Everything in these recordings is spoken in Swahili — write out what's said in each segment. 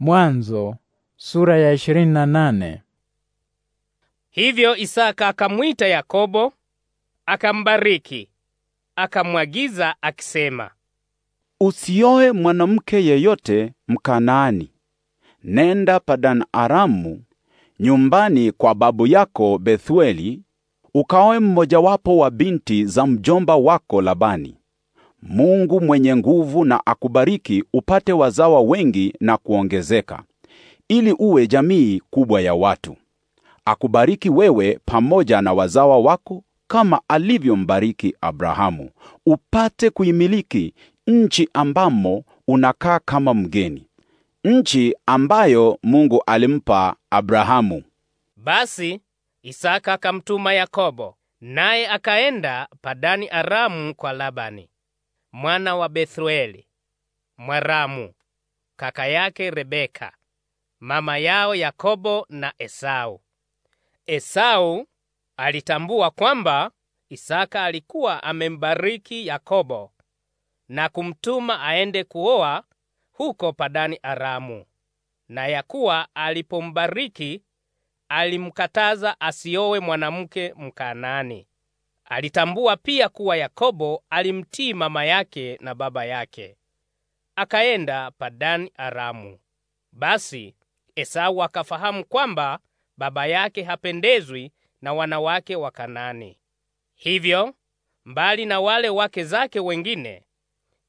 Mwanzo sura ya na nane. Hivyo Isaka akamwita Yakobo, akambariki, akamwagiza akisema, usioe mwanamke yeyote Mkanaani. Nenda Padan Aramu, nyumbani kwa babu yako Bethueli, ukaoe mmojawapo wa binti za mjomba wako Labani. Mungu mwenye nguvu na akubariki upate wazawa wengi na kuongezeka, ili uwe jamii kubwa ya watu. Akubariki wewe pamoja na wazawa wako kama alivyombariki Abrahamu, upate kuimiliki nchi ambamo unakaa kama mgeni, nchi ambayo Mungu alimpa Abrahamu. Basi Isaka akamtuma Yakobo, naye akaenda padani Aramu kwa Labani mwana wa Bethueli Mwaramu, kaka yake Rebeka, mama yao Yakobo na Esau. Esau alitambua kwamba Isaka alikuwa amembariki Yakobo na kumtuma aende kuoa huko Padani Aramu, na yakuwa alipombariki alimkataza asiowe mwanamke Mkanani. Alitambua pia kuwa Yakobo alimtii mama yake na baba yake, akaenda Padani Aramu. Basi Esau akafahamu kwamba baba yake hapendezwi na wanawake wa kanani Hivyo, mbali na wale wake zake wengine,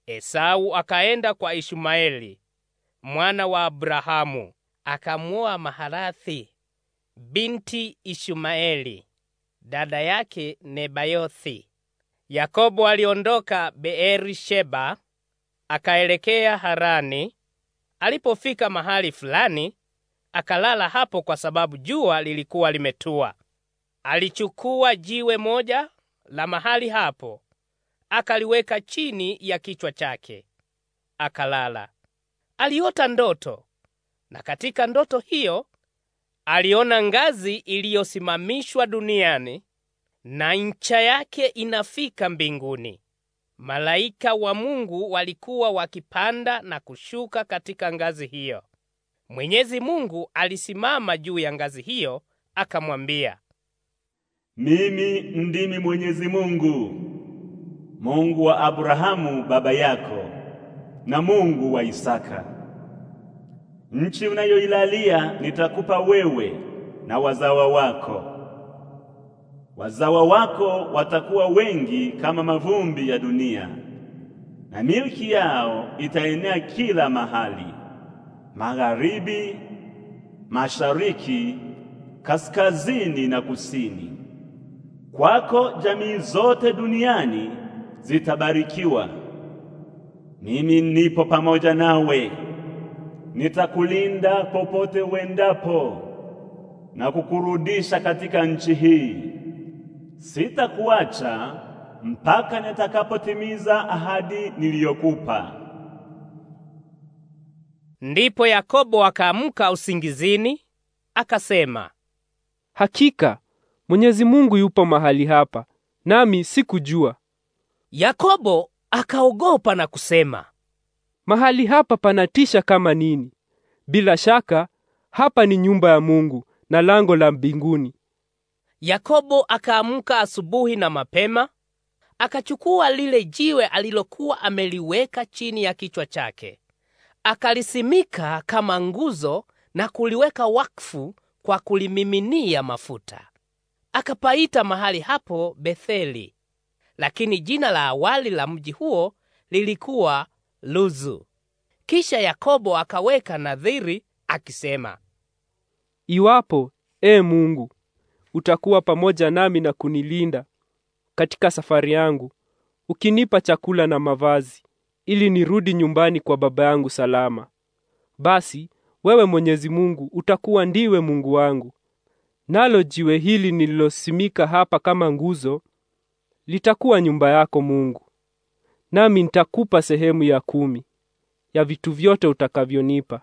Esau akaenda kwa Ishmaeli mwana wa Abrahamu, akamwoa Mahalathi binti Ishmaeli dada yake Nebayothi. Yakobo aliondoka Sheba akaelekea Harani. Alipofika mahali fulani, akalala hapo kwa sababu jua lilikuwa limetua. Alichukua jiwe moja la mahali hapo, akaliweka chini ya kichwa chake, akalala. Aliota ndoto, na katika ndoto hiyo aliona ngazi iliyosimamishwa duniani na ncha yake inafika mbinguni. Malaika wa Mungu walikuwa wakipanda na kushuka katika ngazi hiyo. Mwenyezi Mungu alisimama juu ya ngazi hiyo akamwambia, mimi ndimi Mwenyezi Mungu, Mungu wa Abrahamu baba yako na Mungu wa Isaka. Nchi unayoilalia nitakupa wewe na wazawa wako. Wazawa wako watakuwa wengi kama mavumbi ya dunia, na milki yao itaenea kila mahali, magharibi, mashariki, kaskazini na kusini. Kwako jamii zote duniani zitabarikiwa. Mimi nipo pamoja nawe nitakulinda popote uendapo na kukurudisha katika nchi hii. Sitakuacha mpaka nitakapotimiza ahadi niliyokupa. Ndipo Yakobo akaamka usingizini akasema, hakika Mwenyezi Mungu yupo mahali hapa, nami sikujua. Yakobo akaogopa na kusema Mahali hapa panatisha kama nini! Bila shaka hapa ni nyumba ya Mungu na lango la mbinguni. Yakobo akaamka asubuhi na mapema, akachukua lile jiwe alilokuwa ameliweka chini ya kichwa chake, akalisimika kama nguzo na kuliweka wakfu kwa kulimiminia mafuta. Akapaita mahali hapo Betheli, lakini jina la awali la mji huo lilikuwa luzu. Kisha Yakobo akaweka nadhiri akisema, iwapo e Mungu utakuwa pamoja nami na kunilinda katika safari yangu, ukinipa chakula na mavazi, ili nirudi nyumbani kwa baba yangu salama, basi wewe Mwenyezi Mungu utakuwa ndiwe Mungu wangu, nalo jiwe hili nililosimika hapa kama nguzo litakuwa nyumba yako Mungu nami nitakupa sehemu ya kumi ya vitu vyote utakavyonipa.